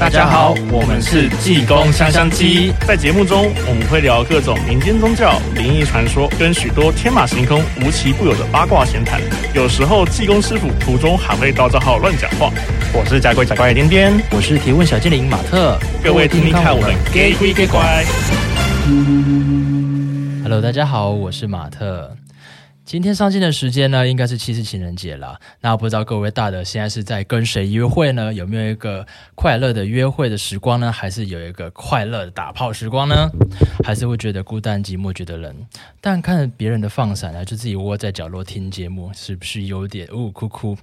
大家好，我們是濟公香香雞。在節目中，我們會聊各種民間宗教、靈異傳說，跟許多天馬行空、無奇不有的八卦閒談。有時候，濟公師傅途中還會到賬號亂講話。我是甲鬼甲怪顛顛，我是提問小精靈馬特。各位聽聽看，我們 gay 不 gay 怪。Hello，大家好，我是馬特。今天上線的時間呢，應該是七夕情人節了。那不知道各位大德現在是在跟誰約會呢？有沒有一個快樂的約會的時光呢？還是有一個快樂的打炮時光呢？還是會覺得孤單寂寞覺得冷？但看別人的放閃呢、啊，就自己窩在角落聽節目，是不是有點嗚嗚、哦、哭哭？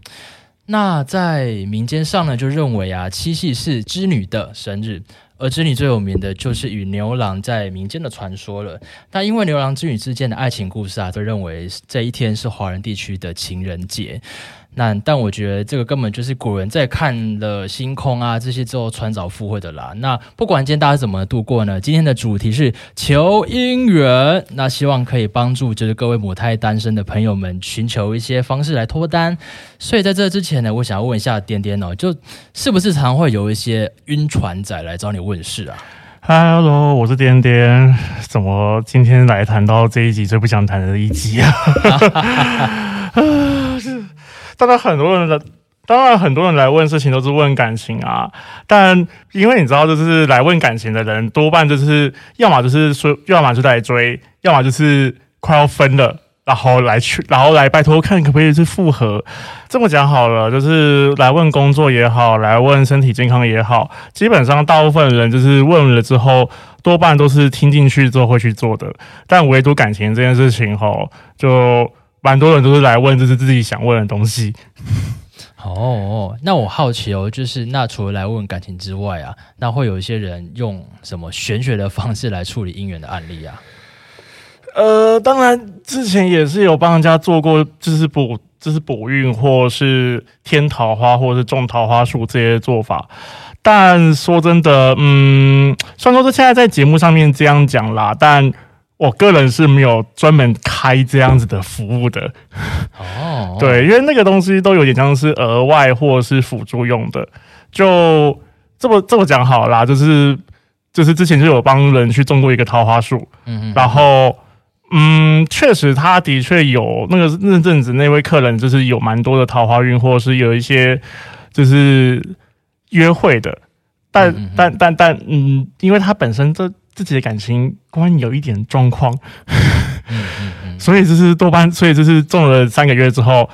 那在民間上呢，就認為啊，七夕是織女的生日。而織女最有名的就是與牛郎在民間的傳說了，那因為牛郎織女之間的愛情故事啊，都認為這一天是華人地區的情人節。那但我覺得這個根本就是古人在看了星空啊這些之後穿鑿附會的啦。那不管今天大家怎麼度過呢？今天的主題是求姻緣，那希望可以幫助就是各位母胎單身的朋友們尋求一些方式來脫單。所以在這之前呢，我想要問一下顛顛哦，就是不是常會有一些暈船仔來找你問事啊？Hello，我是顛顛，怎麼今天來談到這一集最不想談的一集啊？ 當然，很多人來，當然很多人來問事情都是問感情啊。但因為你知道，就是來問感情的人，多半就是要麼就是說，要麼就在追，要麼就是快要分了，然後來去，然後來拜托看可不可以去復合。這麼講好了，就是來問工作也好，來問身體健康也好，基本上大部分人就是問了之後，多半都是聽進去之後會去做的。但唯獨感情這件事情，吼，就。蠻多人都是來問，就是自己想問的東西。哦，那我好奇哦，就是那除了來問感情之外啊，那會有一些人用什麼玄學的方式來處理姻緣的案例啊？呃，當然之前也是有幫人家做過就，就是補，就是補運或是添桃花，或是種桃花樹這些做法。但說真的，嗯，雖然說現在在節目上面這樣講啦，但。我個人是沒有專門開這樣子的服務的，哦，對，因為那個東西都有點像是額外或是輔助用的。就這麼這麼講好啦，就是就是之前就有幫人去種過一個桃花樹，然後嗯，確實他的確有那個那陣子那位客人就是有蠻多的桃花運，或者是有一些就是約會的，但但但但嗯，因為他本身這自己的感情觀有一點狀況，所以就是多半，所以就是中了三個月之後，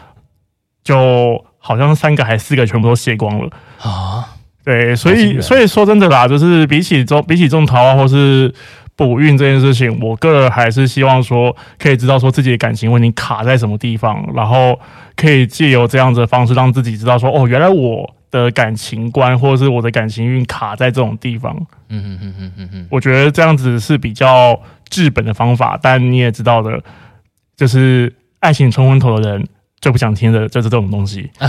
就好像三個還四個全部都卸光了啊！對，所以所以說真的啦，就是比起中比起種桃花或是補運這件事情，我個人還是希望說可以知道說自己的感情問題卡在什麼地方，然後可以借由這樣子的方式讓自己知道說哦，原來我。的感情觀，或者是我的感情運卡在這種地方。嗯哼哼哼哼哼，我覺得這樣子是比較治本的方法。但你也知道的，就是愛情沖昏頭的人最不想聽的，就是這種東西。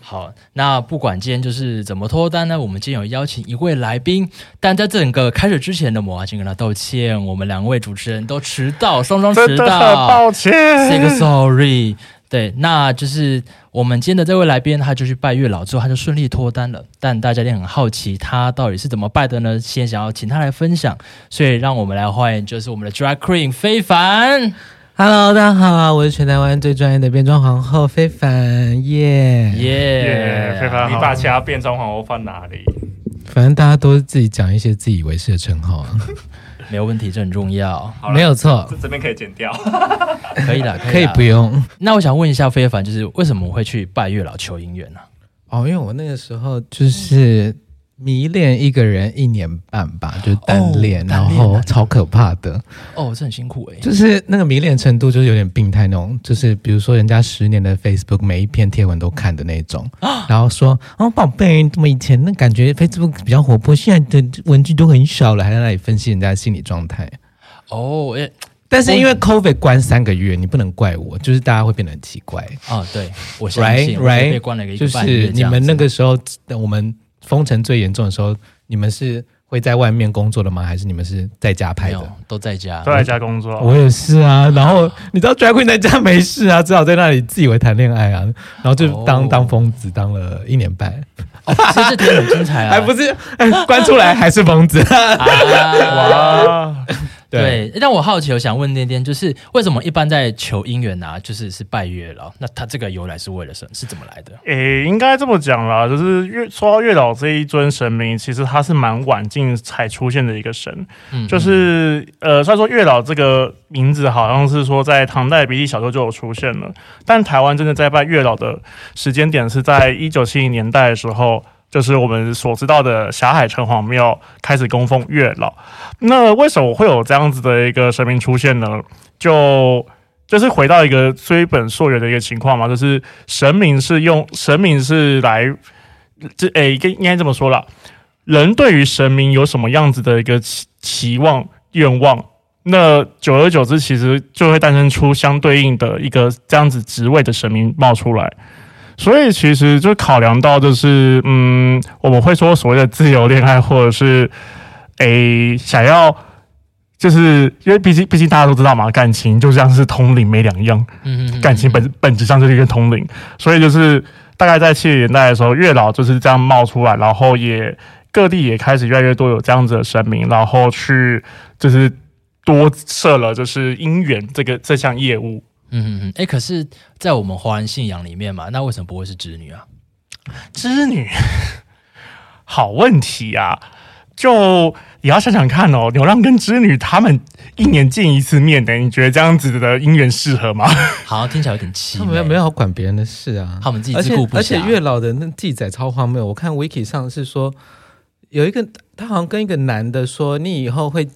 好，那不管今天就是怎麼脫單呢？我們今天有邀請一位來賓，但在整個開始之前呢，我先跟他道歉，我們兩位主持人都遲到，雙雙遲到，真的很抱歉，say 個 sorry。對，那就是我們今天的這位來賓，他就去拜月老之後，他就順利脫單了。但大家也很好奇，他到底是怎麼拜的呢？先想要請他來分享，所以讓我們來歡迎，就是我們的 Drag Queen 飛帆。Hello，大家好啊，我是全台灣最專業的變裝皇后飛帆，耶耶，飛帆，你把其他變裝皇后放哪裡？反正大家都是自己講一些自以為是的稱號、啊， 沒有問題，這很重要，啦沒有錯，這，這邊可以剪掉， 可以的，可以， 可以不用。那我想問一下飛帆，就是為什麼我會去拜月老求姻緣呢、啊？哦，因為我那個時候就是。嗯迷戀一個人一年半吧，就是單戀，哦、單然後超可怕的哦，是很辛苦誒，就是那個迷戀程度就是有點病態那種，就是比如說人家十年的 Facebook 每一篇貼文都看的那種，哦、然後說啊、哦、寶貝，這麼以前那感覺 Facebook 比較活潑，現在的文具都很少了，還在那裡分析人家的心理狀態哦、哎，也但是因為 COVID 關三個月，你不能怪我，就是大家會變得很奇怪啊、哦，對，我相信，被關了一個就是你們那個時候，我們。封城最嚴重的時候，你們是會在外面工作的嗎？還是你們是在家拍的？都在家，嗯、都在家工作。我也是啊。然後你知道 drag queen 在家沒事啊，只好在那裡自以為談戀愛啊，然後就當、哦、當瘋子當了一年半。哦、其實這很精彩啊， 還不是、欸、關出來還是瘋子、 啊。哇。對，讓對我好奇，我想問那點，就是為什麼一般在求姻緣吶、啊，就是是拜月老？那他這個由來是為了什麼？是怎麼來的？誒、欸，應該這麼講啦，就是月說到月老這一尊神明，其實他是蠻晚近才出現的一個神。嗯,嗯，就是呃，雖然說月老這個名字好像是說在唐代、筆記小說就有出現了，但台灣真的在拜月老的時間點是在一九七零年代的時候。就是我們所知道的霞海城隍廟開始供奉月老，那為什麼會有這樣子的一個神明出現呢？就就是回到一個追本溯源的一個情況嘛，就是神明是用神明是來，這誒，應該這麼說啦，人對於神明有什麼樣子的一個期望願望？那久而久之，其實就會誕生出相對應的一個這樣子職位的神明冒出來。所以，其實就是考量到，就是嗯，我們會說所謂的自由戀愛，或者是誒、欸，想要就是因為畢竟，畢竟大家都知道嘛，感情就像是通靈沒兩樣。嗯哼嗯哼嗯哼。感情本本質上就是一個通靈，所以就是大概在七十年代的時候，月老就是這樣冒出來，然後也各地也開始越來越多有這樣子的神明，然後去就是多設了就是姻緣這個這項業務。嗯哼哼，嗯，哎，可是，在我們華人信仰裡面嘛，那為什麼不會是織女啊？織女，好問題啊！就也要想想看哦，牛郎跟織女他們一年見一次面的，你覺得這樣子的姻緣適合嗎？好，聽起來有點奇怪。沒有，沒有管別人的事啊，他們自己自顧不暇。而且月老的那記載超荒謬，我看 wiki 上是說有一個他好像跟一個男的說，你以後會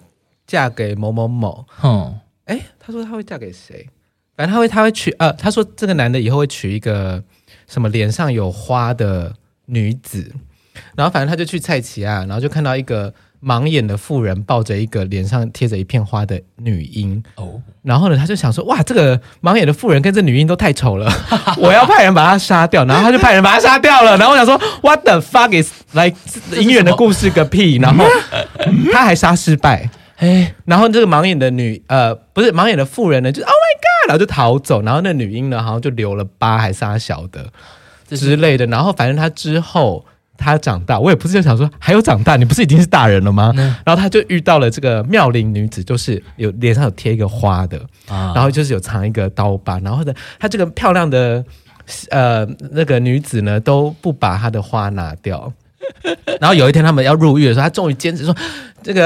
嫁給某某某。哼、嗯。哎，他說他會嫁給誰？反正他會，他會娶呃，他說這個男的以後會娶一個什麼臉上有花的女子，然後反正他就去菜畦啊，然後就看到一個盲眼的婦人抱着一個臉上貼着一片花的女嬰，哦，oh. 然後呢他就想說，哇，這個盲眼的婦人跟這女嬰都太醜了， 我要派人把她殺掉，然後他就派人把她殺掉了， 然後我想說，what the fuck is like，姻緣的故事個屁，然後 他還殺失敗。哎、欸，然後這個盲眼的女呃，不是盲眼的婦人呢，就是 Oh my God，然後就逃走，然後那女嬰呢，好像就留了疤，還是她曉得之類的，然後反正她之後她長大，我也不是就想說還有長大，你不是已經是大人了嗎？那然後她就遇到了這個妙齡女子，就是有臉上有貼一個花的，啊、然後就是有藏一個刀疤，然後呢，她這個漂亮的呃那個女子呢，都不把她的花拿掉。 然後有一天他們要入獄的時候，他終於堅持說：“這個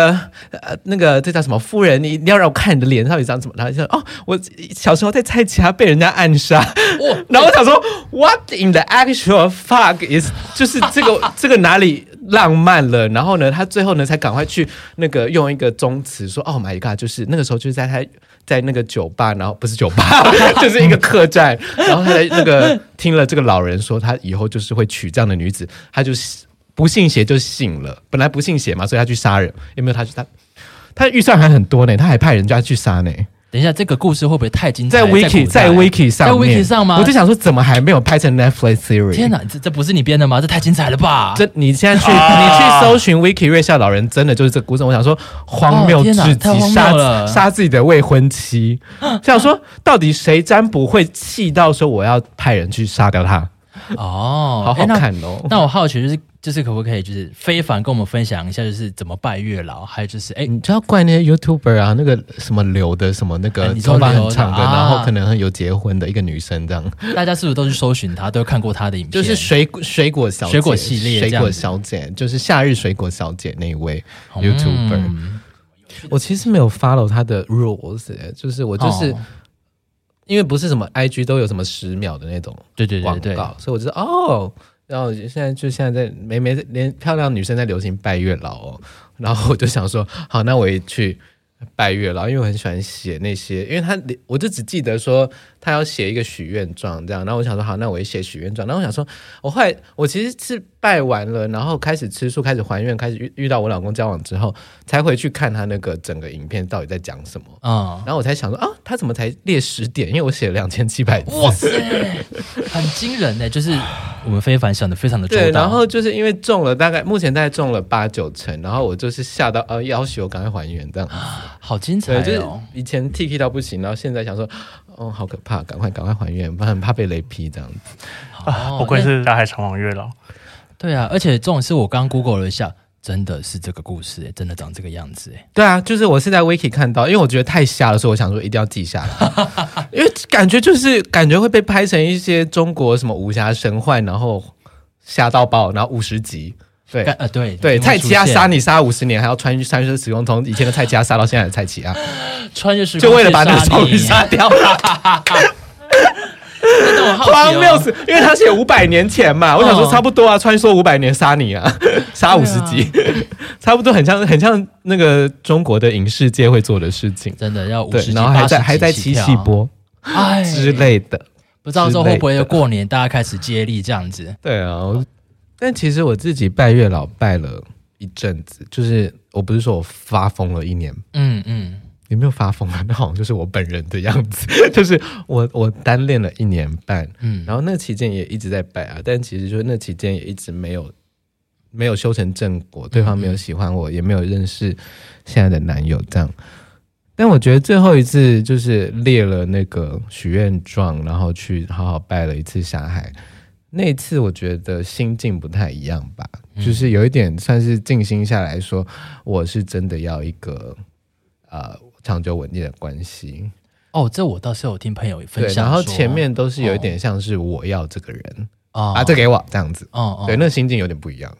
呃，那個這叫什麼夫人，你你要讓我看你的臉，到底長怎麼？”他就說：“哦，我小時候在菜家被人家暗殺。我”然後我想說：“What in the actual fuck is？” 就是這個、 這個、這個哪裡浪漫了？然後呢，他最後呢才趕快去那個用一個宗詞說：“Oh my god！” 就是那個時候就是在他在那個酒吧，然後不是酒吧， 就是一個客棧，然後他在那個 聽了這個老人說他以後就是會娶這樣的女子，他就不信邪就信了，本來不信邪嘛，所以去他去殺人，有沒有？他去他他預算還很多呢，他還派人家去殺呢。等一下，這個故事會不會太精彩？在 Wiki，在,在 Wiki 上，在 Wiki 上嗎？我就想說，怎麼還沒有拍成 Netflix series？天哪，這這不是你編的嗎？這太精彩了吧！這你現在去、哦、你去搜尋 Wiki 月下老人，真的就是這故事。我想說荒自己，哦、荒謬至極，殺殺自己的未婚妻。啊、想說，到底誰占卜會氣到說我要派人去殺掉他？哦，好好看哦、欸那。那我好奇就是。就是可不可以就是飛帆跟我們分享一下，就是怎麼拜月老，還有就是哎，欸、你知道怪那些 YouTuber 啊，那個什麼流的什麼那個、欸、你頭髮很長的，啊、然後可能很有結婚的一個女生這樣，大家是不是都去搜尋她，都看過她的影片？就是水果水果小姐，水果，水果小姐，就是夏日水果小姐那一位 YouTuber。嗯、我其實沒有 follow 她的 rules，欸、就是我就是、哦、因為不是什麼 IG 都有什麼十秒的那種對對對廣告，所以我就說，哦。然後現在就現在在沒沒連漂亮女生在流行拜月老哦，然後我就想說，好，那我也去拜月老，因為我很喜歡寫那些，因為他，我就只記得說。他要寫一個許願狀，這樣，然後我想說好，那我也寫許願狀。然後我想說，我後來我其實是拜完了，然後開始吃素，開始還願，開始遇遇到我老公交往之後，才回去看他那個整個影片到底在講什麼啊。嗯、然後我才想說啊，他怎麼才列十點？因為我寫了兩千七百字，哇塞，很驚人呢。 就是我們飛帆想的非常的周到對，然後就是因為中了大概目前大概中了八九成，然後我就是嚇到呃、啊、要求趕快還願這樣的、啊，好精彩、哦，就是以前 T K 到不行，然後現在想說。哦，好可怕！趕快趕快還願，不然很怕被雷劈這樣子。哦啊、不愧是霞海城隍月老、欸。對啊，而且這種是我剛 Google 了一下，真的是這個故事、欸，真的長這個樣子、欸，哎。對啊，就是我是在 Wiki 看到，因為我覺得太瞎了，所以我想說一定要記下來， 因為感覺就是感覺會被拍成一些中國什麼武俠神幻，然後瞎到爆，然後五十集。對，呃，對，對，蔡奇亞殺你殺五十年，還要穿三越時空，從以前的蔡奇亞殺到現在的蔡奇亞穿越時空就為了把那個東西殺掉。哈哈哈哈哈哈哈哈，真的，我好奇。因為他是有五百年前嘛，我想說差不多啊，穿梭五百年殺你啊，殺五十幾差不多，很像很像那個中國的影視界會做的事情。真的要五十，然後還在還在七夕播之類的，不知道之後會不會過年大家開始接力這樣子。對啊。但其實我自己拜月老拜了一陣子，就是我不是說我發瘋了一年，嗯嗯，有、嗯、沒有發瘋啊？那好像就是我本人的樣子，就是我我單戀了一年半，嗯，然後那期間也一直在拜啊，但其實就是那期間也一直沒有沒有修成正果，對方沒有喜歡我，嗯嗯，也沒有認識現在的男友這樣。但我覺得最後一次就是列了那個許願狀，然後去好好拜了一次霞海。那一次我覺得心境不太一樣吧，嗯、就是有一點算是靜心下來說，我是真的要一個呃長久穩定的關係。哦，這我倒是有聽朋友分享。然後前面都是有一點像是我要這個人啊，哦、這給我這樣子。哦哦，哦對，那心境有點不一樣。後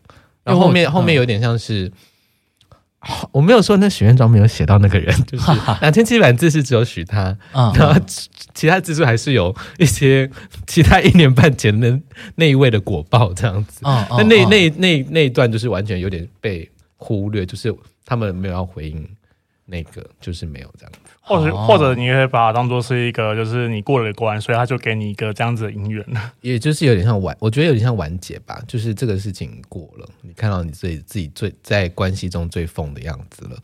然後後面、嗯、後面有點像是。我沒有說，那許願狀，沒有寫到那個人，就是兩千七百字是只有許他， 嗯、然後其他字數還是有一些其他一年半前的那一位的果報這樣子，嗯嗯、那那那一那一段就是完全有點被忽略，就是他們沒有要回應那個，就是沒有這樣子。或者或者，你也可以把它當做是一個，就是你過了關，所以他就給你一個這樣子的姻緣，也就是有點像完，我覺得有點像完結吧，就是這個事情過了，你看到你自己自己最在關係中最瘋的樣子了。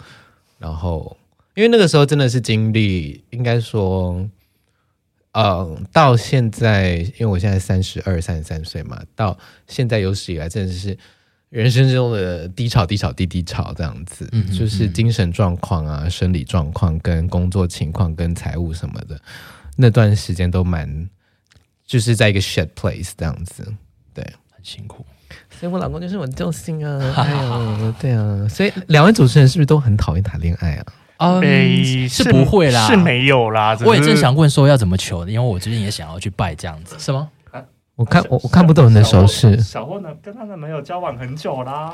然後，因為那個時候真的是經歷，應該說，嗯，到現在，因為我現在三十二、三十三歲嘛，到現在有史以來真的是。人生中的低潮、低潮、低低潮，這樣子，嗯哼嗯哼就是精神狀況啊、生理狀況、跟工作情況、跟財務什麼的，那段時間都蠻，就是在一個 shed place 這樣子，對，很辛苦。所以我老公就是我救星啊！ 哎呦，對啊，所以兩位主持人是不是都很討厭談戀愛啊？啊、嗯，是不會啦，是沒有啦。我也正想問說要怎麼求，因為我最近也想要去拜這樣子，是嗎？我看我我看不懂你的手勢。小霍呢，跟他男朋友交往很久啦。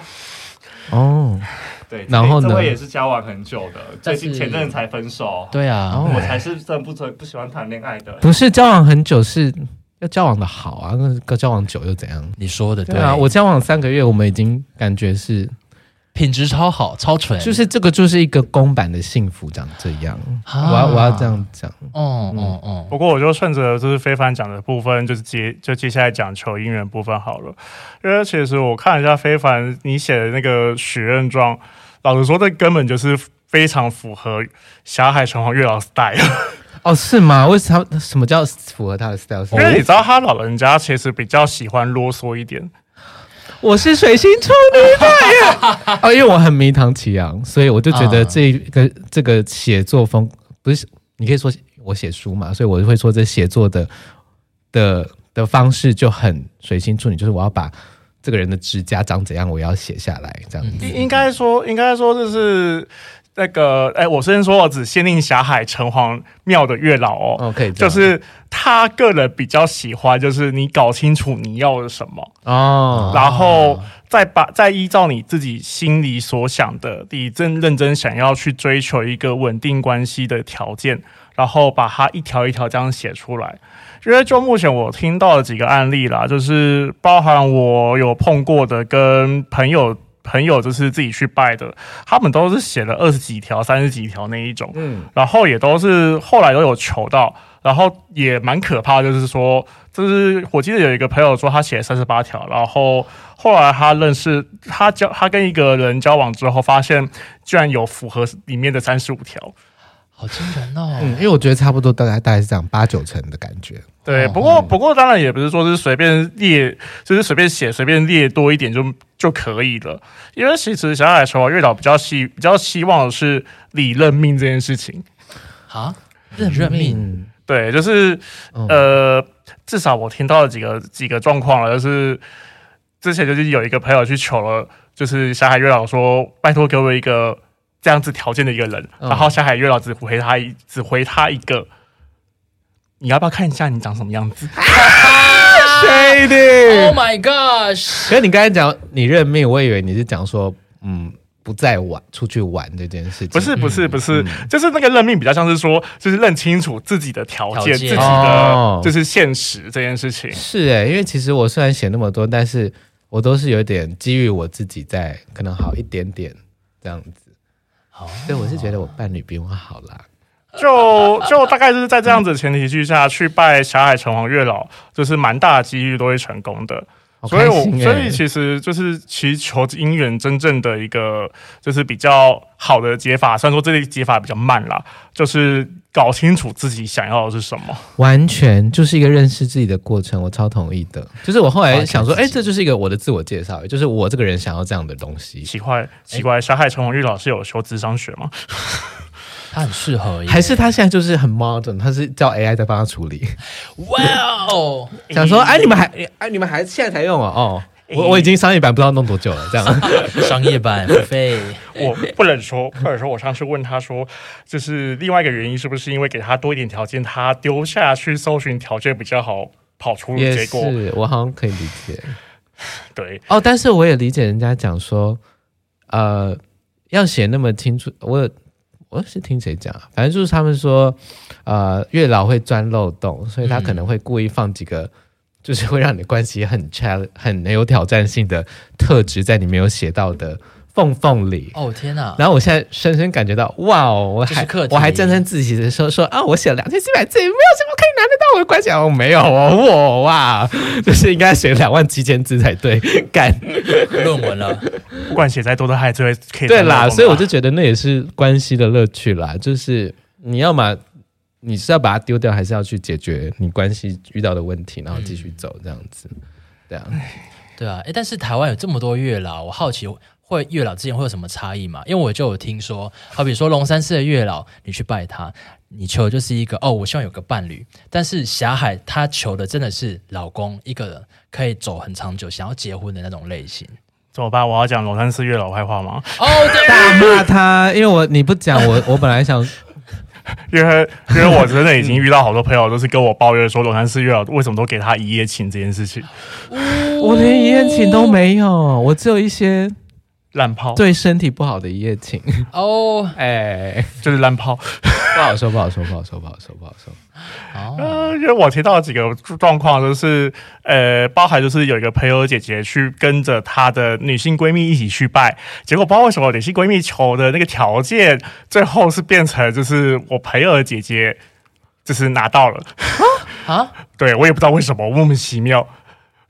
哦，對，然後呢。我也是交往很久的，最近前任才分手。對啊，我才是真不不、哎、不喜歡談戀愛的。不是交往很久，是要交往的好啊。那交往久又怎樣？你說的對，對啊，我交往三個月，我們已經感覺是。品質超好，超純。就是這個，就是一個公版的幸福，長這樣。啊、我要，我要這樣講。哦哦哦。嗯、不過，我就順着就是飛帆講的部分，就是接就接下來講求姻緣部分好了。因為其實我看一下飛帆你寫的那個許願狀，老實說，這根本就是非常符合霞海城隍月老 style。哦，是嗎？為什麼？什麼叫符合他的 style？因為你知道，他老人家其實比較喜歡囉嗦一點。我是水星處女座呀，啊、 哦，因為我很迷唐綺陽，所以我就覺得這個、uh, 這個寫作風，不是你可以說我寫書嘛，所以我就會說這寫作的的的方式就很水星處女，就是我要把這個人的指甲長怎樣，我要寫下來這樣子。應應該說，應該說這是。那個，誒我先說，我只限定霞海城隍廟的月老哦。Okay, 就是他個人比較喜歡，就是你搞清楚你要什麼啊，oh, 然後再把再依照你自己心裡所想的，你真認真想要去追求一個穩定關係的條件，然後把它一條一條這樣寫出來。因為就目前我聽到的幾個案例啦，就是包含我有碰過的跟朋友。朋友就是自己去拜的，他們都是寫了二十幾條、三十幾條那一種，嗯，然後也都是後來都有求到，然後也蠻可怕，就是說，就是我記得有一個朋友說他寫了三十八條，然後後來他認識他交他跟一個人交往之後，發現居然有符合裡面的三十五條。好驚人哦、嗯！因為我覺得差不多，大概大概是這樣，八九成的感覺。對，不過不過當然也不是說是隨便列，就是隨便寫隨便列多一點就就可以了。因為其實霞海來說，月老比較希比較希望的是你認命這件事情啊，認認命。嗯、對，就是呃，至少我聽到了幾個幾個狀況了，就是之前就是有一個朋友去求了，就是霞海月老說，拜托給我一個。這樣子條件的一個人，然後霞海月老只回他一，嗯、只回他一個，你要不要看一下你長什麼樣子、啊、Shady！Oh my gosh！可是你剛才講你認命，我以為你是講說，嗯，不再玩出去玩這件事情，不是，不是，不是，嗯、就是那個認命比較像是說，就是認清楚自己的條件，條件、自己的就是現實這件事情。哦、是哎，因為其實我雖然寫那麼多，但是我都是有點基於我自己，在可能好一點點這樣子。好，所以、oh, 我是覺得我伴侶比我好啦， 就就大概就是在這樣子前提之下去拜霞海城隍月老，就是蠻大的機率都會成功的，欸、所以所以其實就是祈求姻緣真正的一個就是比較好的解法，雖然說這個解法比較慢啦，就是。搞清楚自己想要的是什麼，完全就是一個認識自己的過程。我超同意的，就是我後來想說，哎、欸，這就是一個我的自我介紹，就是我這個人想要這樣的東西。奇怪，奇怪，小、欸、海陳紅玉老師有修諮商學嗎？他很適合，還是他現在就是很 modern，他是叫 AI 在幫他處理。哇哦 Wow!，想說，哎、欸，你們還，哎、欸，你們還現在才用啊、哦？哦。我我已經商業版不知道弄多久了，這樣 商業版費， 我不能說，或者說，我上次問他說，就是另外一個原因 是不是因為給他多一點條件，他丟下去搜尋條件比較好，跑出結果？是，我好像可以理解， 對哦，oh, 但是我也理解人家講說，呃，要寫那麼清楚，我我是聽誰講啊，反正就是他們說，呃，月老會鑽漏洞，所以他可能會故意放幾個。嗯就是會讓你關係很挑，很沒有挑戰性的特質，在你沒有寫到的縫縫裡。哦天吶！然後我現在深深感覺到，哇哦，我還我還沾沾自喜的說說啊，我寫了兩千七百字，沒有什麼可以拿得到我的關係。我、哦、沒有哦。我哇，哇，就是應該寫兩萬七千字才對，幹論文了。不管寫再多的，的，還是會可以。對啦，所以我就覺得那也是關係的樂趣啦，就是你要嘛。你是要把它丟掉，還是要去解決你關係遇到的問題，然後繼續走這樣子？對啊，對啊。誒，但是台灣有這麼多月老，我好奇會月老之間會有什麼差異嘛？因為我就有聽說，好比說龍山寺的月老，你去拜他，你求就是一個哦，我希望有個伴侶。但是霞海他求的真的是老公，一個人可以走很長久、想要結婚的那種類型。走吧，我要講龍山寺月老壞話嗎？哦，oh, 對，大罵他，因為我你不講我，我本來想。 因為因為我真的已經遇到，好多朋友 都是跟我抱怨說，龍山寺月老為什麼都給他一夜情這件事情，嗯、 我連一夜情都沒有，我只有一些。亂泡對身體不好的一夜情哦，oh, 哎，就是亂泡。不好說，不好說，不好說，不好說，不好說。啊、oh. 呃，因為我提到幾個狀況，就是呃，包含就是有一個朋友姐姐去跟着她的女性閨蜜一起去拜，結果不知道為什麼女性閨蜜求的那個條件，最後是變成就是我朋友的姐姐就是拿到了啊，啊對我也不知道為什麼，莫名其妙。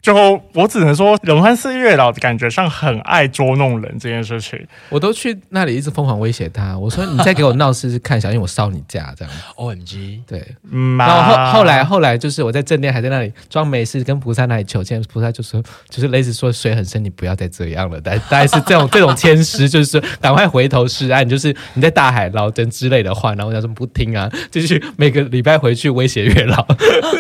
就我只能說，龍山寺月老的感覺上很愛捉弄人這件事情。我都去那裡一直瘋狂威脅他，我說：“你再給我鬧試試看，小心 我燒你家！”這樣。O M G。對。然後後後來後來就是我在正殿還在那裡裝沒事，跟菩薩那裡求籤，菩薩就說：“就是類似說水很深，你不要再這樣了。”但但是這種 這種天師就是說趕快回頭是岸，就是你在大海撈針之類的話。然後他說：“不聽啊，繼續每個禮拜回去威脅月老。”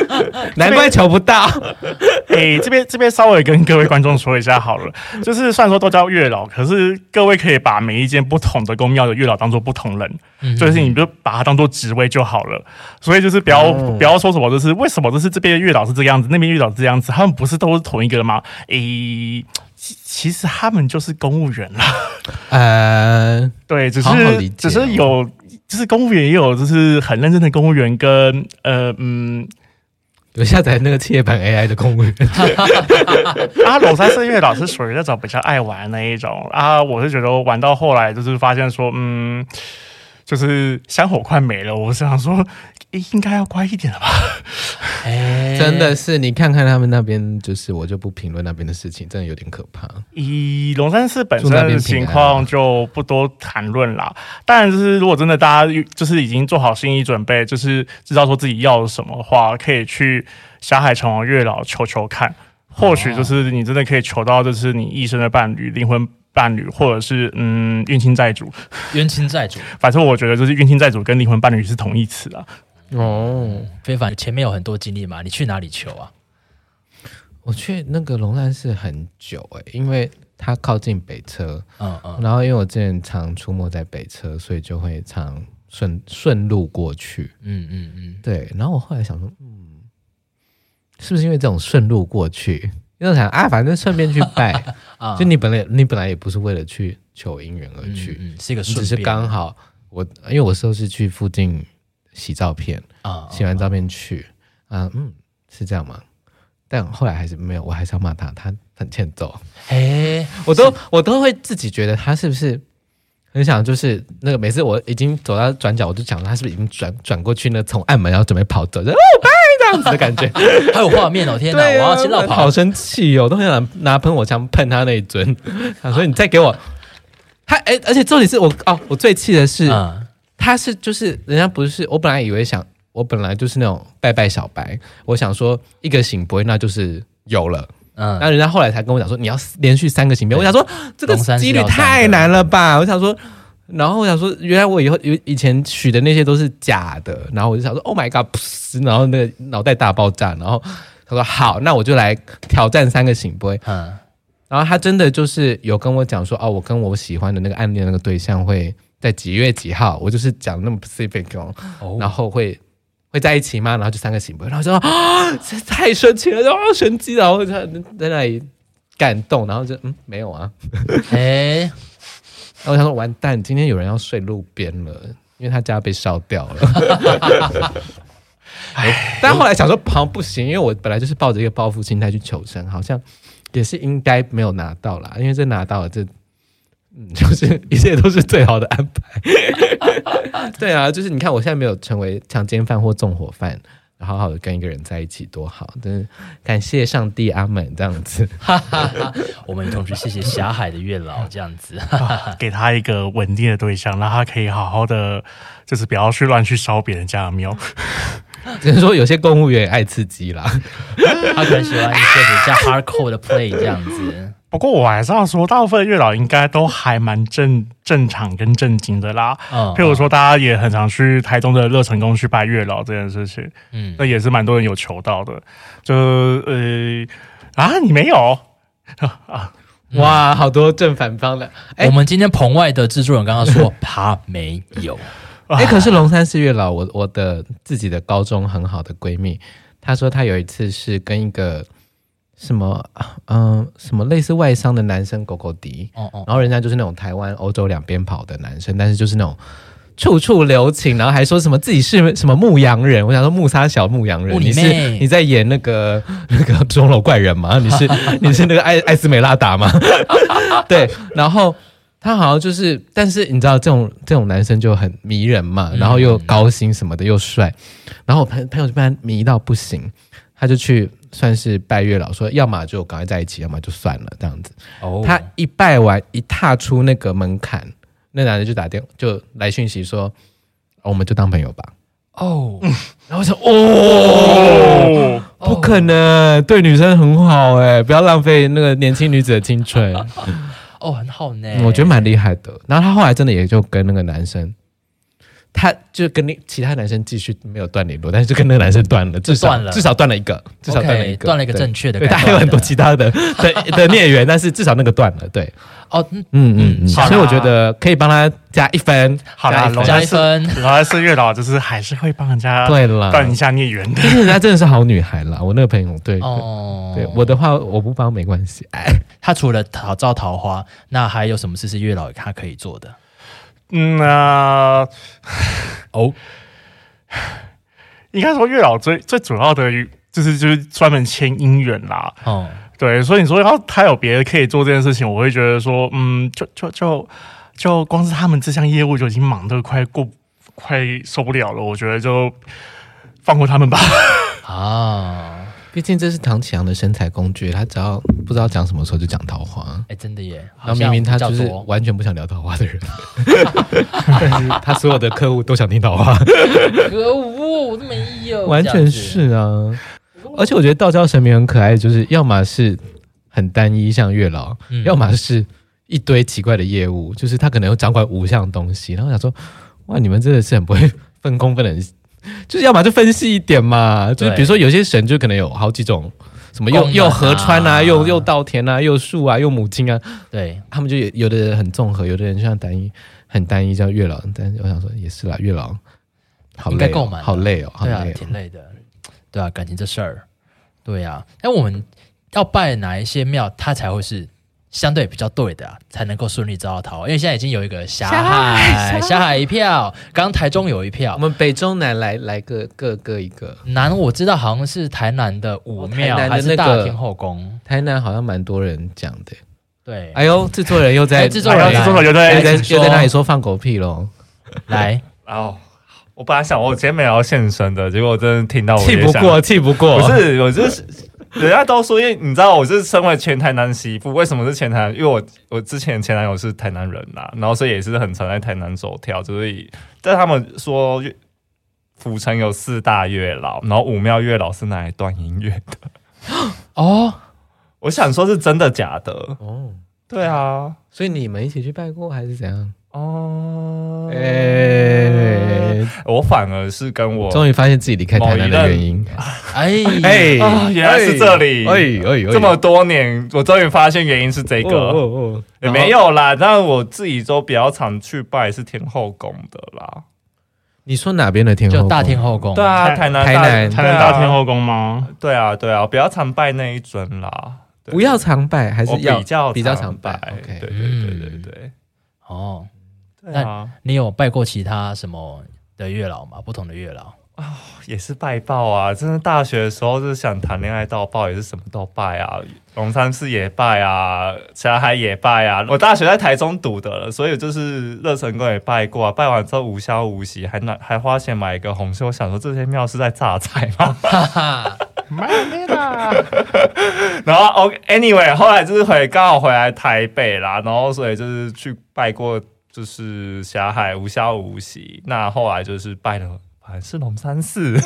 難怪求不到。 嘿這。這邊這邊稍微跟各位觀眾說一下好了， 就是雖然說都叫月老，可是各位可以把每一間不同的宮廟的月老當做不同人，嗯、哼就是你就把它當做職位就好了。所以就是不要、嗯、不要說什麼，就是為什麼就是這邊月老是這個樣子，那邊月老是這樣子，他們不是都是同一個嗎？誒、欸，其實他們就是公務員了。呃， 對，只、就是好好只是有，就是公務員也有，就是很認真的公務員跟呃嗯。有下載那個切業版 AI 的空位啊，龍山寺是因為月老屬於那種比較愛玩那一種啊，我是覺得玩到後來就是發現說，嗯。就是香火快沒了，我想說、欸、應該要乖一點了吧、 欸。真的是，你看看他們那邊，就是我就不評論那邊的事情，真的有點可怕。咦，龍山寺本身的情況就不多談論啦。當然，就是如果真的大家就是已經做好心理準備，就是知道說自己要什麼的話，可以去霞海城隍月老求求看，或許就是你真的可以求到，就是你一生的伴侶、靈魂。伴侶，或者是嗯，冤親債主，冤親債主。反正我覺得就是冤親債主跟靈魂伴侶是同義詞啊。哦、嗯，非凡，前面有很多經歷嘛，你去哪裡求啊？我去那個龍山寺很久哎、欸，因為它靠近北車，嗯嗯。然後因為我之前常出沒在北車，所以就會常順順路過去。嗯嗯嗯，對。然後我後來想說，嗯，是不是因為這種順路過去？因為想啊，反正順便去拜， 嗯、就你本來你本來也不是為了去求姻緣而去、嗯嗯，是一個順便。只是剛好我，因為我時候是去附近洗照片、嗯、洗完照片去，嗯嗯、啊，是這樣嗎？但後來還是沒有，我還是要罵他，他很欠揍。哎、欸，我都是我都會自己覺得他是不是很想就是那個，每次我已經走到轉角，我就想他是不是已經轉轉過去呢？從暗門要準備跑走的感覺，還有畫面，哦，天吶、啊，我要親到跑，好生氣喲、喔！我都很想拿噴火槍噴他那一尊。他 說、啊：“你再給我，他哎、欸，而且重點是我哦，我最氣的是，嗯、他是就是人家不是我本來以為想我本來就是那種拜拜小白，我想說一個聖杯那就是有了，嗯，但人家後來才跟我講說你要連續三個聖杯，對我想說這個幾率太難了吧，我想說。”然後我想說，原來我以後以前許的那些都是假的。然後我就想說，Oh my god！然後那個腦袋大爆炸。然後他說：“好，那我就來挑戰三個聖杯。嗯”然後他真的就是有跟我講說：“哦，我跟我喜歡的那個暗戀那個對象會在幾月幾號？”我就是講那麼 specific、哦哦、然後會會在一起嗎？然後就三個聖杯。然後就說啊，這太神奇了，哦、啊，玄機！然後就在在那裡感動，然後就嗯，沒有啊，哎嘿。 然後想說，完蛋，今天有人要睡路邊了，因為他家被燒掉了。 但後來想說，好像不行，因為我本來就是抱着一個報復心態去求生，好像也是應該沒有拿到啦，因為這拿到了，這嗯，就是一切都是最好的安排。 對啊，就是你看，我現在沒有成為強姦犯或縱火犯。好好的跟一個人在一起多好，但是感謝上帝，阿門這樣子。哈哈哈。我們同時謝謝霞海的月老這樣子，給他一個穩定的對象，讓他可以好好的，就是不要去亂去燒別人家的廟。只能 說有些公務員愛刺激啦， 他可能喜歡一些比較 hardcore 的 play 這樣子。不過我還是要說，大部分月老應該都還蠻正正常跟正經的啦。嗯、譬如說，大家也很常去台中的樂成宮去拜月老這件事情，嗯，那也是蠻多人有求到的。就呃啊，你沒有、啊嗯、哇，好多正反方的。嗯欸、我們今天棚外的製作人剛剛說他 沒有哇、欸，可是龍山寺月老，我我的自己的高中很好的閨蜜，她說她有一次是跟一個。什麼，嗯、呃，什麼類似外商的男生狗狗迪。哦哦、然後人家就是那種台灣歐洲兩邊跑的男生，但是就是那種處處留情，然後還說什麼自己是什麼牧羊人，我想說牧殺小牧羊人，嗯、你是你在演那個 那個鐘樓怪人嗎？你是 你是那個艾 艾斯美拉達嗎？ 對，然後他好像就是，但是你知道這種這種男生就很迷人嘛，然後又高薪什麼的、嗯、又帥，嗯、然後我朋朋友就被他迷到不行。他就去算是拜月老，說要麼就趕快在一起，要麼就算了這樣子。哦，oh. 他一拜完，一踏出那個門檻，那男的就打電話，就來訊息說，哦，我們就當朋友吧。哦、oh. 嗯，然後我想，哦、oh.，oh. oh. 不可能，對女生很好哎，欸，不要浪費那個年輕女子的青春。哦，oh. oh, 很好呢，我覺得蠻厲害的。然後他後來真的也就跟那個男生。他就跟那其他男生繼續沒有斷聯絡，但是就跟那個男生斷了，至少至少斷了一個，至少斷了一個正確的。對，他還有很多其他的的孽緣，但是至少那個斷了，對。哦，嗯嗯嗯，所以我覺得可以幫他加一分，加加一分。好啦，老是月老就是還是會幫人家斷一下孽緣的，他真的是好女孩啦。我那個朋友對，對我的話我不幫沒關係。哎，他除了討造桃花，那還有什麼事是月老他可以做的？嗯吶，哦，應該說月老最最主要的，就是就是專門簽姻緣啦。哦，對，所以你說要他有別的可以做這件事情，我會覺得說，嗯，就就就就光是他們這項業務就已經忙得快過快受不了了，我覺得就放過他們吧。啊。畢竟這是唐綺陽的身材工具，他只要不知道講什麼的時候就講桃花。哎、欸，真的耶！然後明明他就是完全不想聊桃花的人， 但是他所有的客戶都想聽桃花， 可惡，我都沒有這樣子，完全是啊！而且我覺得道教神明很可愛，就是要麼是很單一，像月老，嗯，要麼是一堆奇怪的業務，就是他可能會掌管五項東西。然後我想說，哇，你們真的是很不會分工分人。就是，要麼就分析一點嘛，對就是比如說，有些神就可能有好幾種，什麼又、啊、又河川啊，啊又又稻田啊，又樹啊，又母親啊，對，他們就有的人很綜合，有的人就像單一，很單一，像月老。但我想說也是啦，月老好應該夠滿好、哦，好累哦。對啊，挺累的。對啊，感情這事兒，對啊，那我們要拜哪一些廟，他才會是？相對比較對的才能夠順利找到他，因為現在已經有一個霞海，霞海一票，剛剛台中有一票，我們北中南來來個各各一個南，我知道好像是台南的武廟，台南的大天後宮，台南好像蠻多人講的。對，哎呦，制作人又在，制作人又在又在那裡說放狗屁咯。來，哦，我本來想我今天沒有要現身的，結果真的聽到氣不過，氣不過，不是我就是。人家都說，因為你知道我是身為前台南媳婦，為什麼是前台南？因為我我之前前男友是台南人吶，啊，然後所以也是很常在台南走跳，所以在他們說府城有四大月老，然後武廟月老是哪一段音樂的？哦，我想說是真的假的？哦，對啊，所以你們一起去拜過還是怎樣？哦，誒、欸。欸欸欸欸欸欸我反而是跟我終於發現自己離開台南的原因，哎哎，原來是這裡，哎哎，這麼多年，我終於發現原因是這個，也沒有啦，但是我自己都比較常去拜是天後宮的啦。你說哪邊的天後宮？就大天後宮，對啊，台南台南台南大天後宮嗎？對啊對啊，比較常拜那一尊啦，不要常拜，還是比較比較常拜，對對對對對，哦，那你有拜過其他什麼？的月老嘛，不同的月老啊、哦，也是拜報啊！真的，大學的時候就是想談戀愛到爆，也是什麼都拜啊，龍山寺也拜啊，霞海也拜啊。我大學在台中讀的了，所以就是樂成宮也拜過，啊，拜完之後無消無息，還拿還花錢買一個紅線，我想說這些廟是在榨財嗎？哈哈沒有沒有哈。然後 OK，Anyway，後來就是回剛好回來台北啦，然後所以就是去拜過。就是霞海無消無息，那後來就是拜了，還是龍山寺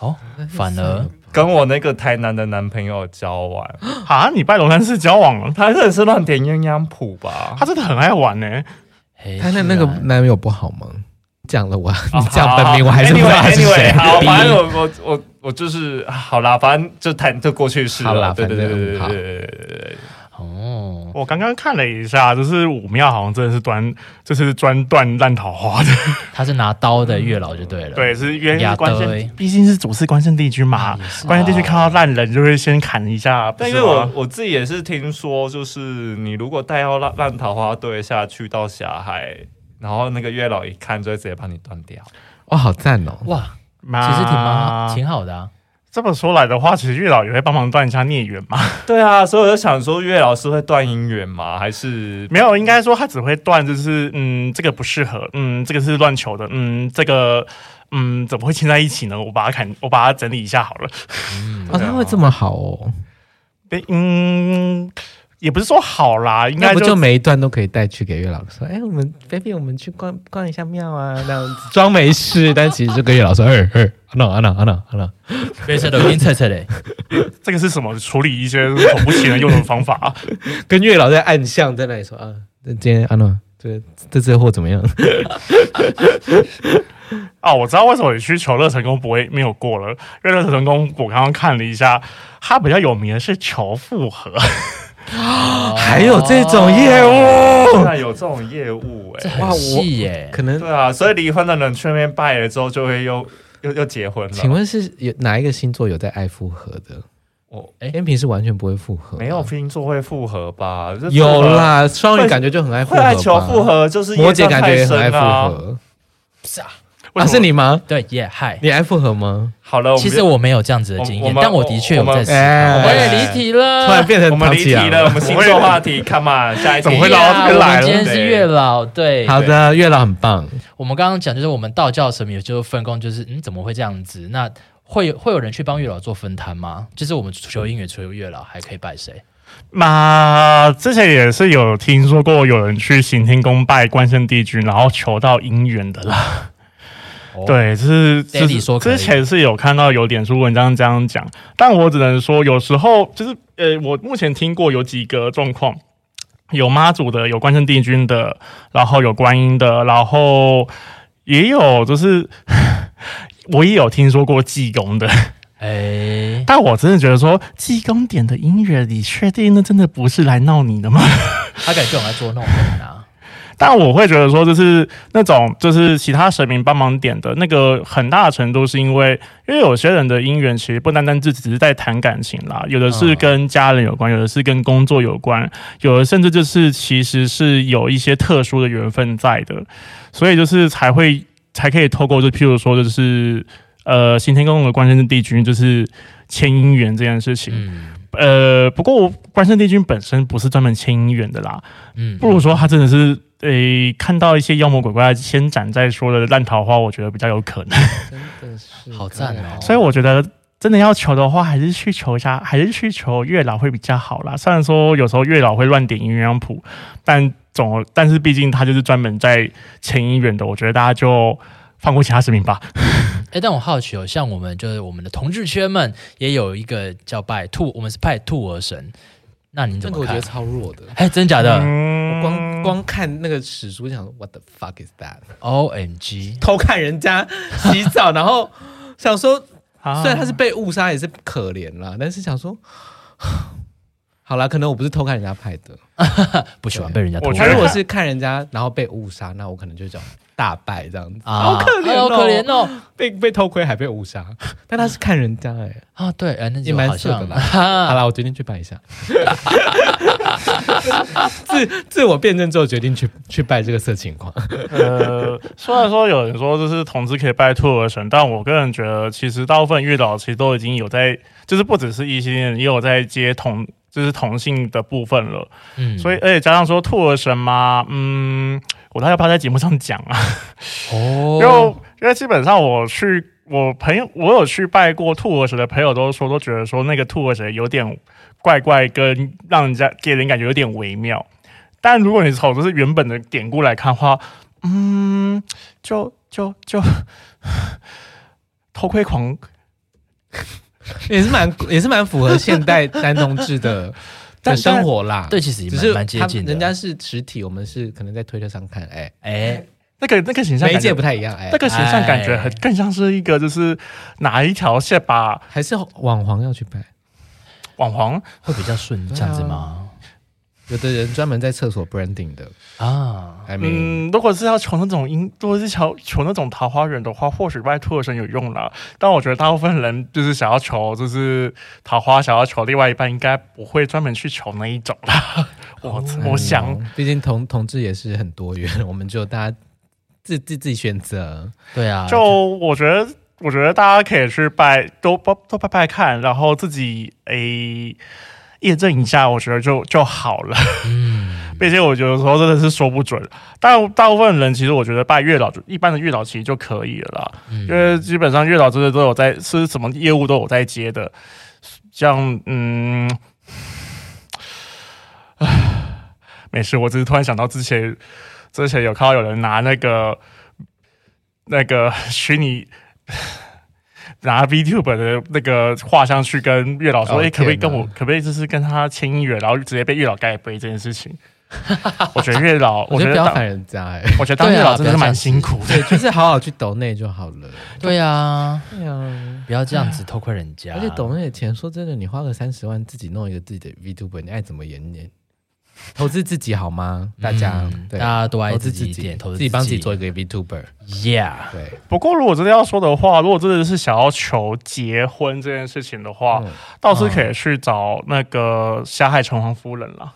哦，反而跟我那個台南的男朋友交往啊，你拜龍山寺交往嗎？他認識亂點鴛鴦譜吧？他真的很愛玩呢，欸。他的那個男朋友不好嗎？講了我，哦，你講本名，哦，我還是不知道是誰。Anyway, anyway, 好，B 反正我我我，我就是好了，反正就談這過去式好了，反啦對，對，對對對對對。哦，oh, 我剛剛看了一下，就是武廟好像真的是斷，就是專斷爛桃花的。 他是拿刀的月老就對了，嗯、對，是鴛鴦關聖，對畢竟是主祀關聖帝君嘛，哎是啊、關聖帝君看到爛人就會先砍一下。哇是但是我我自己也是聽說，就是你如果帶到爛爛桃花對下去到霞海，然後那個月老一看就會直接把你斷掉。哇，好讚哦！哇，其實挺蠻挺好的、啊。這麼說來的話，其實月老也會幫忙斷一下孽緣嘛，對啊，所以我就想說，月老是會斷姻緣嗎？還是沒有？應該說他只會斷，就是嗯，這個不適合，嗯，這個是亂求的，嗯，這個嗯怎麼會牽在一起呢？我把它砍，我把它整理一下好了。嗯啊，啊他會這麼好哦？欸嗯。也不是說好啦，應該就，就每一段都可以帶去給月老說，哎、欸，我們 baby，我們去逛逛一下廟啊，那樣子裝 沒事，但其實就跟月老說二二阿娜阿娜阿娜阿諾，黑色的陰惻惻的，這個是什麼處理一些恐怖情人用的方法，啊？ 跟月老在暗巷在那裡說啊，今天阿娜、啊、這這這貨怎麼樣？ 啊，我知道為什麼你去求樂成功不會沒有過了。因為樂成功，我剛剛看了一下，他比較有名的是求復合。 啊，還有這種業務、居、哦、然有這種業務、欸，哎，哇，我哎，我可能對啊，所以離婚的人順便拜了之後，就會又又又結婚了。請問是有哪一個星座有在愛復合的？我哎、哦，天秤是完全不會復合，沒有星座會復合吧？這個，有啦，雙魚感覺就很愛複合，會來求復合，就是摩羯，啊、感覺也很愛復合，是啊。老是你嗎？對，Yeah，Hi。你還複合嗎？好了，其實我沒有這樣子的經驗，但我的確有在吃。我也離題了，突然變成我們離題了，我們新的話題，Come on，下一題。怎麼月老來今天是月老，對，好的，月老很棒。我們剛剛講就是我們道教神明，就就分工就是，嗯，怎麼會這樣子？那會會有人去幫月老做分攤嗎？就是我們求姻緣，除月老還可以拜誰？嘛，之前也是有聽說過有人去行天宮拜關聖帝君，然後求到姻緣的啦。對，是，就是說之前是有看到有臉書文章這樣講，但我只能說有時候就是，呃、欸，我目前聽過有幾個狀況，有媽祖的，有關聖帝君的，然後有觀音的，然後也有就是我也有聽說過濟公的，哎、欸，但我真的覺得說濟公點的音樂，你確定那真的不是來鬧你的嗎？他感覺用來捉弄你啊？但我會覺得說，就是那種就是其他神明幫忙點的那個很大的程度，是因為因為有些人的姻緣其實不單單就只是在談感情啦，有的是跟家人有關，有的是跟工作有關，有的甚至就是其實是有一些特殊的緣分在的，所以就是才會才可以透過就譬如說就是呃，行天宮的關聖帝君就是牽姻緣這件事情，嗯、呃，不過關聖帝君本身不是專門牽姻緣的啦，嗯，不如說他真的是。對，看到一些妖魔鬼怪先斬再說的爛桃花，我覺得比較有可能。真的是好讚、啊、哦！所以我覺得真的要求的話，還是去求一下，還是去求月老會比較好啦。雖然說有時候月老會亂點鴛鴦譜，但總……但是畢竟他就是專門在牽姻緣的，我覺得大家就放過其他神明吧。哎， 但我好奇哦，像我們就是我們的同志圈們，也有一個叫拜兔，我們是拜兔兒神。那你怎麼看？那個我覺得超弱的，哎，真假的？我光光看那個史書我想，想說 what the fuck is that？O M G，偷看人家洗澡， 然後想說，雖然他是被誤殺，也是可憐啦， 但是想說，好啦，可能我不是偷看人家拍的， 不喜歡被人家偷看對。 他如果是看人家然後被誤殺，那我可能就這樣。大敗這樣子，啊、好可憐哦，哎、可憐哦，被被偷窺還被誤殺，但他是看人家哎、欸，啊對，那就蠻帥的、的、啊、好了，我決定去拜一下， 自自我辯證之後決定去去拜這個色情狂。呃，雖然說有人說就是同志可以拜兔兒神， 但我個人覺得其實大部分月老其實都已經有在，就是不只是異性戀，也有在接同，就是同性的部分了。嗯，所以而且加上說兔兒神嘛，嗯。我大概怕在節目上講啊，哦，因為因為基本上我去我朋友，我有去拜過兔兒神的朋友都說都覺得說那個兔兒神有點怪怪，跟讓人家給人感覺有點微妙。但如果你從這是原本的典故來看的話，嗯，就就就偷窺狂也是蠻也是蠻符合現代男同志的。 但生活啦，但對，其實也只是他接近人家是實體，我們是可能在推特上看，哎、欸、哎，欸、那個那個形象媒介不太一樣，哎，那個形象感覺很更像是一個就是哪一條線吧，還是網黃要去拍，網黃會比較順這樣子嗎？有的人專門在廁所 branding 的啊，I mean, 嗯，如果是要求那種姻，如果是求求那種桃花緣的話，或許拜托神有用啦。但我覺得大部分人就是想要求，就是桃花想要求另外一半，應該不會專門去求那一種吧。哦、我我想，畢 I mean, 竟同同志也是很多元，我們就大家自自自己選擇。對啊，就,就我覺得，我覺得大家可以去拜，都拜拜拜看，然後自己誒。欸驗證一下，我覺得就就好了。嗯，畢 竟，我覺得說真的是說不准大。大大部分人其實我覺得拜月老就一般的月老其實就可以了啦，因為基本上月老真的都有在是什麼業務都有在接的像。像，嗯，唉，沒事，我只是突然想到之前之前有看到有人拿那個那個虛擬。拿 VTuber 的那個畫像去跟月老說，哎、oh, 欸，可不可以跟我，哪可不可以就是跟他簽姻緣，然後直接被月老蓋杯這件事情？ 我覺得月老，我覺得不要煩人家，我覺得當月老真的蠻辛苦的，的、啊，就是好好去抖內就好了。好了對啊，對啊，不要這樣子偷窺人家、啊，而且抖內的錢，說真的，你花個三十萬自己弄一個自己的 VTuber 你愛怎麼演？投資自己好嗎？大家，嗯、對大家都投資自己一點，投資自己，幫自,自,自己做一個 VTuber 對。不過如果真的要說的話，如果真的是想要求結婚這件事情的話，嗯、倒是可以去找那個霞海城隍夫人了。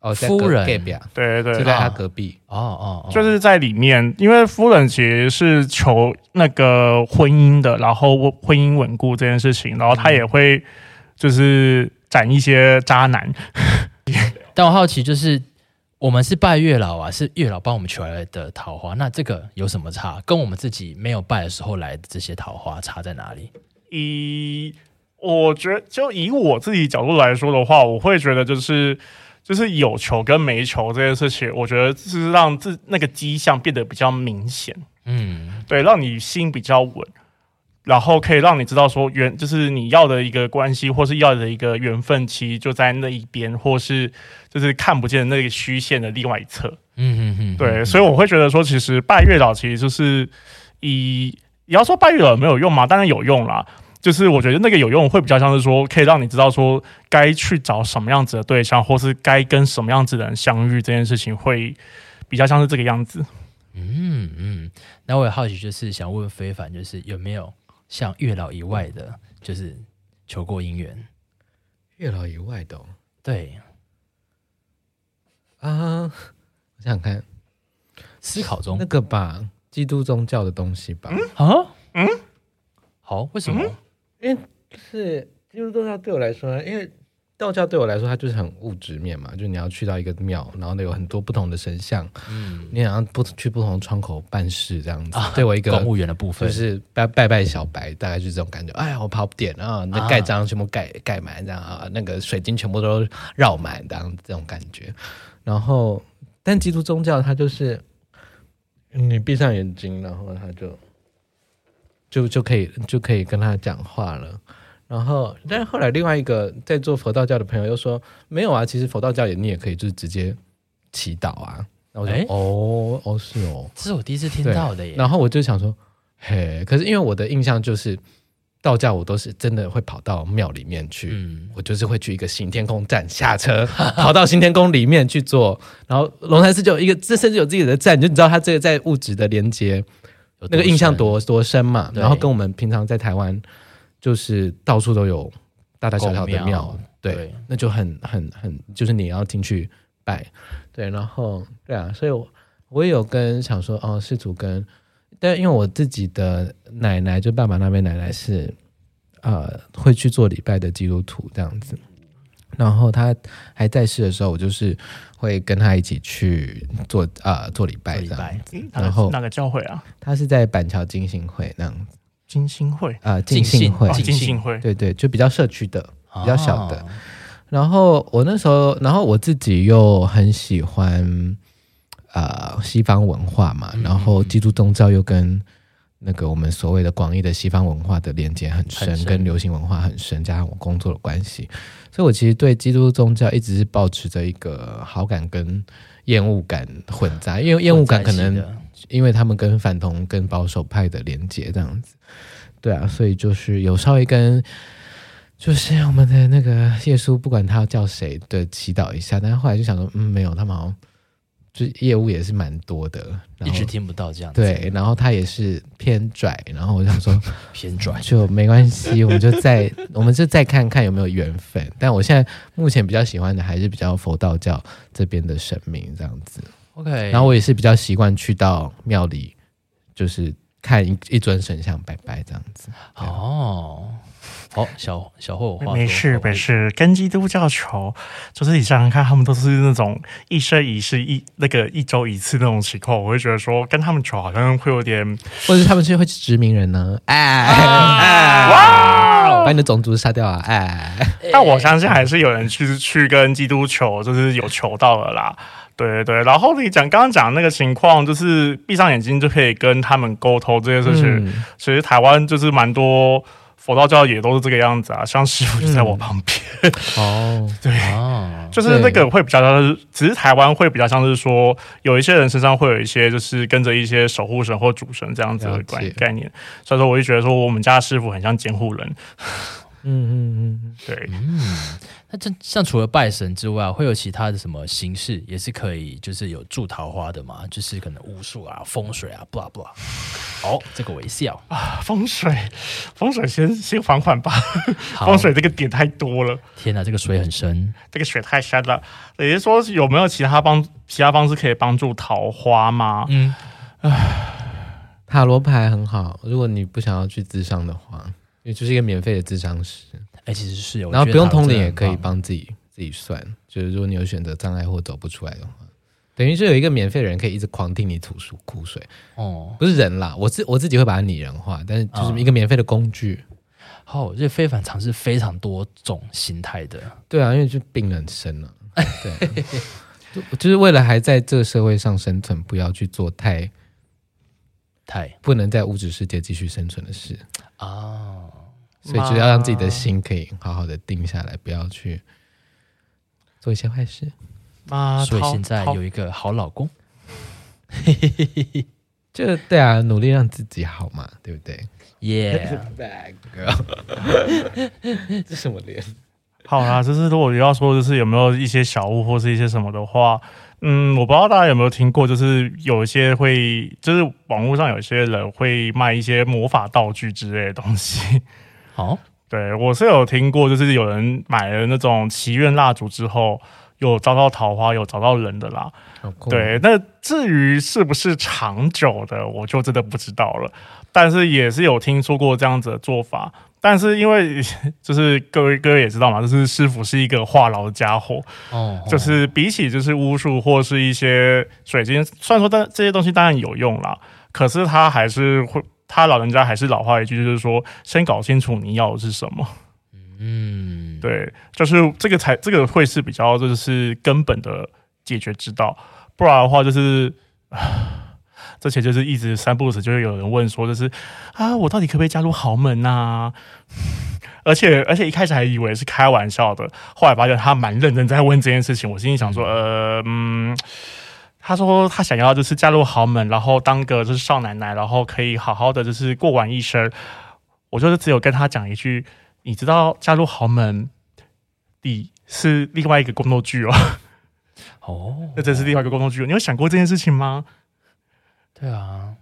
哦，夫人、哦在啊、對對對，就在他隔壁。哦哦，哦哦就是在裡面，因為夫人其實是求那個婚姻的，然後婚姻穩固這件事情，然後他也會就是斬一些渣男。嗯但我好奇，就是我們是拜月老啊，是月老幫我們求來的桃花，那這個有什麼差？跟我們自己沒有拜的時候來的這些桃花差在哪裡？以我覺得，就以我自己角度來說的話，我會覺得就是就是有求跟沒求這件事情，我覺得就是讓自那個跡象變得比較明顯。嗯，對，讓你心比較穩。然後可以讓你知道說緣，就是你要的一個關係或是要的一個緣分，其實就在那一邊，或是就是看不見的那個虛線的另外一側。嗯嗯嗯，對，所以我會覺得說，其實拜月老其實就是，以你要說拜月老沒有用嗎？當然有用啦，就是我覺得那個有用會比較像是說可以讓你知道說該去找什麼樣子的對象，或是該跟什麼樣子的人相遇這件事情會比較像是這個樣子。嗯嗯，那我也好奇，就是想問飛帆，就是有沒有？像月老以外的，就是求過姻緣。月老以外的、喔。對。啊，我想想看思考中，那個吧，基督宗教的東西吧。嗯啊嗯，啊好，為什麼？嗯嗯、因為是基督宗教對我來說，因為。道教對我來說，它就是很物質面嘛，就你要去到一個廟，然後呢有很多不同的神像，嗯，你想要不去不同窗口辦事這樣子，啊、對我一個公務員的部分，就是拜拜拜小白，嗯、大概就是這種感覺。哎呀，我跑點啊，那蓋章全部蓋蓋滿這樣啊，啊，那個水晶全部都繞滿這樣這種感覺。然後，但基督宗教它就是你閉上眼睛，然後它就就就可以就可以跟他講話了。然後，但是後來另外一個在做佛道教的朋友又說：“沒有啊，其實佛道教也你也可以就是直接祈禱啊。”然後我說誒、哦：“哦，哦是哦，這是我第一次聽到的耶。”然後我就想說：“嘿，可是因為我的印象就是道教，我都是真的會跑到廟裡面去。嗯，我就是會去一個行天宮站下車，跑到行天宮裡面去坐。 然後龍山寺就有一個，這甚至有自己的站，你就你知道他這個在物質的連接那個印象多多深嘛。對然後跟我們平常在台灣。”就是到處都有大大小小的廟，廟對，對那就很很很，就是你要進去拜，對，然後對啊，所以我我也有跟想說，哦，是主跟，但因為我自己的奶奶，就爸爸那邊奶奶是，呃，會去做禮拜的基督徒這樣子，然後他還在世的時候，我就是會跟他一起去做啊、呃、做禮拜這樣做禮拜，然後哪個教會啊？他是在板橋浸信會那樣子。金星會啊，金星會，金星會，哦、信對，對對，就比較社區的，哦、比較小的。然後我那時候，然後我自己又很喜歡，啊、呃、西方文化嘛。然後基督宗教又跟那個我們所謂的廣義的西方文化的連接很深，很深跟流行文化很深。加上我工作的關係，所以我其實對基督宗教一直是保持着一個好感跟厭惡感混雜，因為厭惡感可能。因為他們跟反同、跟保守派的連接這樣子，對啊，所以就是有稍微跟，就是我們的那個耶穌，不管他叫誰，對，祈禱一下，但是後來就想說，嗯，沒有，他們好像就業務也是蠻多的，然後一直聽不到這樣子。對，然後他也是偏拽，然後我想說偏拽就沒關係，我們就再， 我們就再看看有沒有緣分。但我現在目前比較喜歡的還是比較佛道教這邊的神明這樣子。OK，然後我也是比較習慣去到廟裡，就是看一一尊神像拜拜這樣子。樣哦，好，小小霍，沒事沒事，跟基督教求，就是你想想看他們都是那種一生一世一那個一周一次那種情況，我會覺得說跟他們求好像會有點，或者是他們是會殖民人呢？哎哎、啊、哇！把你的種族殺掉啊！哎，但我相信還是有人去去跟基督求，就是有求到的啦。對對，然後你講剛剛講的那個情況，就是閉上眼睛就可以跟他們溝通這件事情。嗯、其實台灣就是蠻多佛道教也都是這個樣子啊，像師傅就在我旁邊。哦、嗯， 對，啊、就是那個會比較、就是，對其實台灣會比較像是說，有一些人身上會有一些就是跟着一些守護神或主神這樣子的觀概念。解所以說，我就覺得說，我們家師傅很像監護人。嗯嗯嗯，對，嗯，那這，像除了拜神之外，會有其他的什麼形式也是可以，就是有助桃花的嘛，就是可能巫術啊、風水啊，blah blah。哦，這個微笑啊。風水，風水先先緩緩吧。好，風水這個點太多了，天哪、啊，這個水很深，嗯、這個水太深了。等於說，有沒有其他幫其他方式可以幫助桃花嗎？嗯，哎，塔羅牌很好，如果你不想要去諮商的話。也就是一個免費的諮商師。哎、欸，其實是有，然後不用通靈也可以幫自己自己算。就是如果你有選擇障礙或走不出來的話，等於是有一個免費的人可以一直狂聽你吐出苦水哦，不是人啦，我自我自己會把它擬人化，但是就是一個免費的工具、嗯。哦，就飛帆嘗試非常多種形態的，對啊，因為就病很深了，對 就，就是為了還在這個社會上生存，不要去做太太不能在物質世界繼續生存的事啊。哦所以，就要讓自己的心可以好好的定下來，不要去做一些壞事。媽所以現在有一個好老公， 就對啊，努力讓自己好嘛，對不對？Yeah，girl，bad 這什麼臉？好啦、啊，就是如果我要說，的是有沒有一些小物或是一些什麼的話，嗯，我不知道大家有沒有聽過，就是有一些會，就是網絡上有些人會賣一些魔法道具之類的東西。好，oh? 對我是有聽過，就是有人買了那種祈願蠟燭之後，有招到桃花，有找到人的啦。Oh cool. 對，那至於是不是長久的，我就真的不知道了。但是也是有聽說過這樣子的做法，但是因為就是各位各位也知道嘛，就是師父是一個話癆的傢伙哦，oh, oh. 就是比起就是巫術或是一些水晶，雖然說但這些東西當然有用啦，可是他還是會。他老人家還是老話一句，就是說，先搞清楚你要的是什麼。嗯，對，就是這個才這個會是比較就是根本的解決之道，不然的話就是，之前就是一直三不五時，就會有人問說，就是啊，我到底可不可以加入豪門吶？啊。而且而且一開始還以為是開玩笑的，後來發現他蠻認真在問這件事情，我心裡想說，嗯、呃。嗯他說他想要就是嫁入豪門，然後當個就是少奶奶，然後可以好好的就是過完一生。我就是只有跟他講一句，你知道嫁入豪門，你是另外一個宮鬥劇哦。哦，那真是另外一個宮鬥劇。你有想過這件事情嗎？對啊。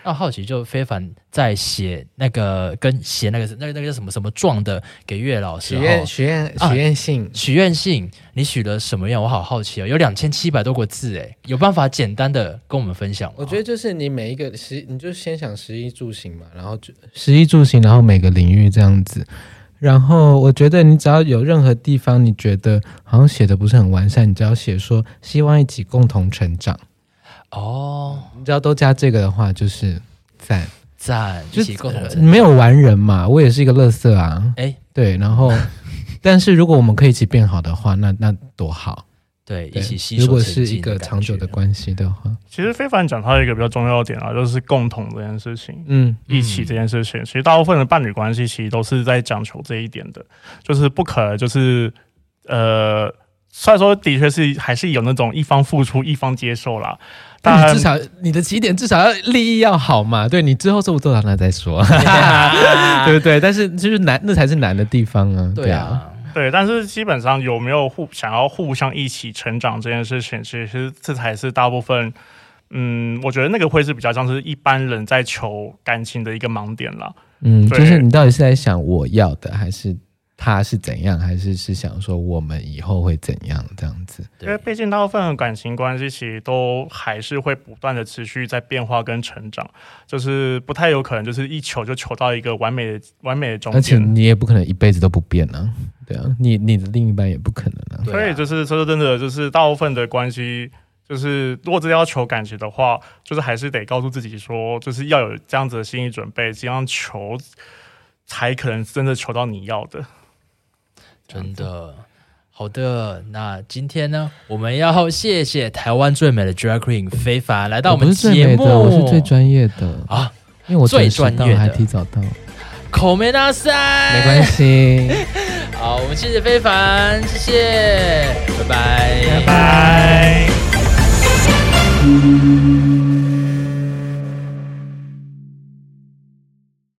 啊，那好奇就非凡在寫那個跟寫那個那個那個叫什麼什麼狀的給月老師，許願許願許願信，啊，許願信，你許了什麼願？我好好奇哦，有兩千七百多個字哎，有辦法簡單的跟我們分享嗎？我覺得就是你每一個十，你就先想食衣住行嘛，然後就食衣住行，然後每個領域這樣子，然後我覺得你只要有任何地方你覺得好像寫的不是很完善，你只要寫說希望一起共同成長。哦，你只要都加這個的話，就是讚讚，讚就是沒有完人嘛，嗯、我也是一個垃圾啊。哎、欸，對，然後， 但是如果我們可以一起變好的話，那那多好。對，對一起吸收。如果是一個長久的關係的話，其實飛帆講到一個比較重要的點啊，就是共同這件事情，嗯，一起這件事情，嗯、其實大部分的伴侶關係其實都是在講求這一點的，就是不可就是呃。所以說的，的確是還是有那種一方付出一方接受啦。但，但至少、嗯、你的起點至少要利益要好嘛。對，你之後做不做到那再說，Yeah. 對不對，對。但是就是難，那才是難的地方啊。對啊，對，啊對。但是基本上有沒有互想要互相一起成長這件事情，其實這才是大部分。嗯，我覺得那個會是比較像是一般人在求感情的一個盲點了。嗯，對就是你到底是在想我要的還是？他是怎樣，還是是想說我們以後會怎樣這樣子？因為畢竟大部分的感情關係其實都還是會不斷的持續在變化跟成長，就是不太有可能就是一求就求到一個完美的完美的狀態。而且你也不可能一輩子都不變呢，啊，對啊，你你的另一半也不可能啊，啊所以就是說真的，就是大部分的關係，就是如果要求感情的話，就是還是得告訴自己說，就是要有這樣子的心理準備，這樣求才可能真的求到你要的。真的，好的，那今天呢，我們要謝謝台灣最美的 drag queen 飛帆來到我們節目。我不是最美的，我是最專業的啊，因為我最專業還提早到，口沒大塞，沒關係。 好，我們謝謝飛帆，謝謝，拜拜，拜拜。拜拜。